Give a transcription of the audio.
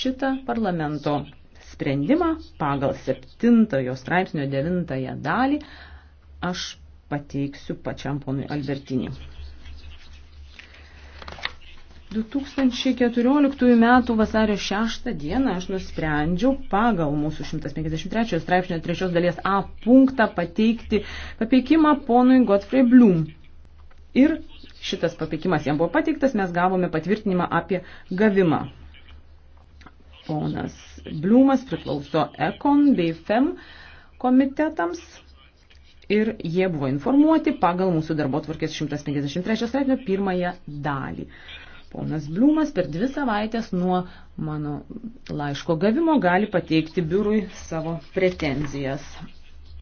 šitą parlamento sprendimą pagal 7 straipsnio 9 dalį aš pateiksiu pačiam ponui Albertinį. 2014 m. vasario 6 dieną aš nusprendžiau pagal mūsų 153 straipsnio 3 dalies A punktą pateikti papeikimą ponui Godfrey Blum. Ir šitas papeikimas jam buvo pateiktas, mes gavome patvirtinimą apie gavimą. Ponas Bliumas priklauso ECON bei FEM komitetams ir jie buvo informuoti pagal mūsų darbo tvarkės 153 straipsnio pirmąją dalį. Ponas Bliumas per dvi savaitės nuo mano laiško gavimo gali pateikti biurui savo pretenzijas.